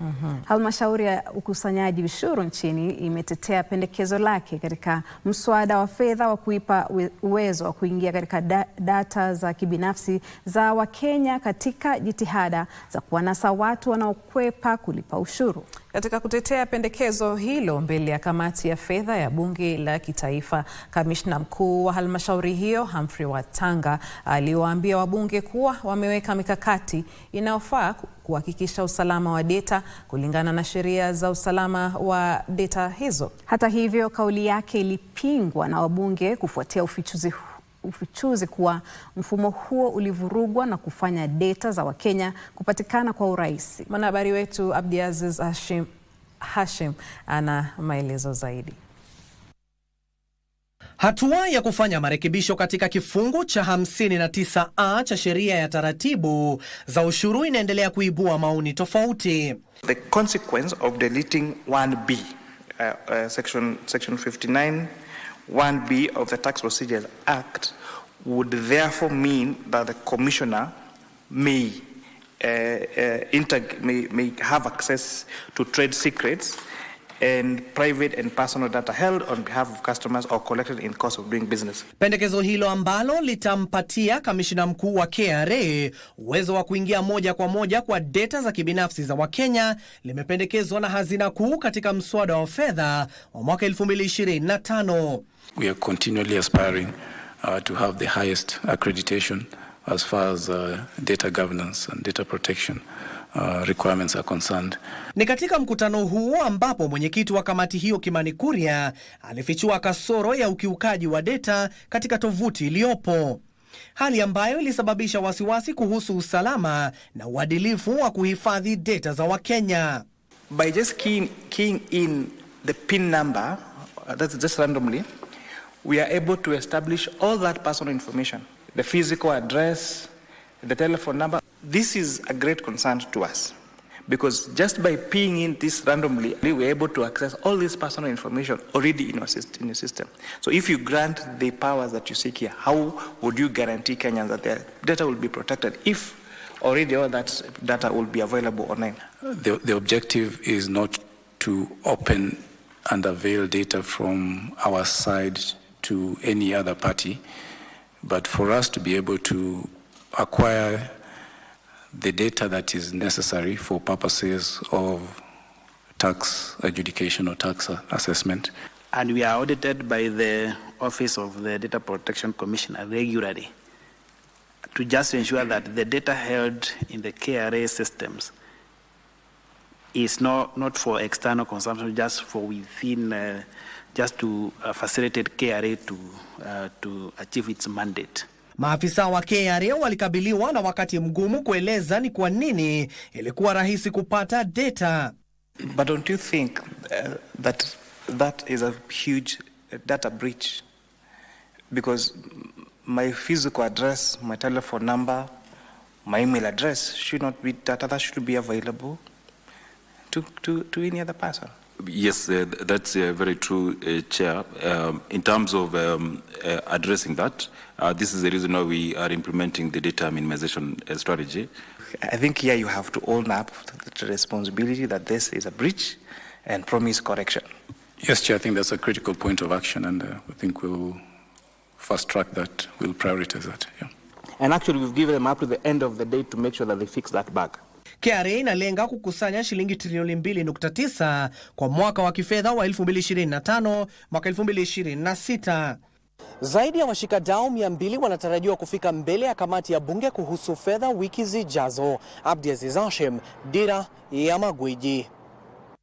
Mm -hmm. Halmashauri ya ukusanyaji ushuru nchini imetetea pendekezo lake katika mswada wa fedha wa kuipa uwezo wa kuingia katika da data za kibinafsi za Wakenya katika jitihada za kuwanasa watu wanaokwepa kulipa ushuru. Katika kutetea pendekezo hilo mbele ya kamati ya fedha ya bunge la kitaifa, kamishna mkuu wa halmashauri hiyo Humphrey Watanga aliwaambia wabunge kuwa wameweka mikakati inayofaa kuhakikisha usalama wa deta kulingana na sheria za usalama wa deta hizo. Hata hivyo, kauli yake ilipingwa na wabunge kufuatia ufichuzi ufichuzi kuwa mfumo huo ulivurugwa na kufanya deta za Wakenya kupatikana kwa urahisi. Mwanahabari wetu Abdiaziz Hashim, Hashim ana maelezo zaidi. Hatua ya kufanya marekebisho katika kifungu cha 59A cha sheria ya taratibu za ushuru inaendelea kuibua maoni tofauti. The consequence of deleting 1B, uh, uh, section, section 59, 1B of the Tax Procedures Act would therefore mean that the commissioner may, uh, uh, may, may have access to trade secrets and private and personal data held on behalf of customers or collected in course of doing business. Pendekezo hilo ambalo litampatia kamishina mkuu wa KRA uwezo wa kuingia moja kwa moja kwa data za kibinafsi za Wakenya limependekezwa na hazina kuu katika mswada wa fedha wa mwaka 2025. We are continually aspiring uh, to have the highest accreditation as far as uh, data governance and data protection Uh, requirements are concerned. Ni katika mkutano huo ambapo mwenyekiti wa kamati hiyo Kimani Kuria alifichua kasoro ya ukiukaji wa deta katika tovuti iliyopo, hali ambayo ilisababisha wasiwasi kuhusu usalama na uadilifu wa kuhifadhi deta za Wakenya. By just keying, keying in the pin number, uh, that's just randomly, we are able to establish all that personal information, the physical address, the telephone number. This is a great concern to us because just by peeing in this randomly, we were able to access all this personal information already in your, system, in your system. So if you grant the powers that you seek here, how would you guarantee Kenyans that their data will be protected if already all that data will be available online? The, the objective is not to open and avail data from our side to any other party, but for us to be able to acquire the data that is necessary for purposes of tax adjudication or tax assessment. And we are audited by the Office of the Data Protection Commissioner regularly to just ensure that the data held in the KRA systems is not, not for external consumption, just for within, uh, just to uh, facilitate KRA to, uh, to achieve its mandate. Maafisa wa KRA walikabiliwa na wakati mgumu kueleza ni kwa nini ilikuwa rahisi kupata data. But don't you think uh, that that is a huge uh, data breach because my physical address, my telephone number, my email address should not be data that should be available to, to, to any other person. Yes, uh, that's uh, very true, uh, Chair. Um, in terms of um, uh, addressing that, uh, this is the reason why we are implementing the data minimization uh, strategy. I think here you have to own up to the responsibility that this is a breach and promise correction. Yes, Chair, I think that's a critical point of action, and uh, I think we'll fast track that, we'll prioritize that. Yeah. And actually, we've given them up to the end of the day to make sure that they fix that bug. KRA inalenga kukusanya shilingi trilioni 2.9 kwa mwaka wa kifedha wa tano mwaka sita. Zaidi ya washikadau mbili wanatarajiwa kufika mbele ya kamati ya bunge kuhusu fedha wiki zijazo. Abdiaziz Hashim, Dira ya Magwiji.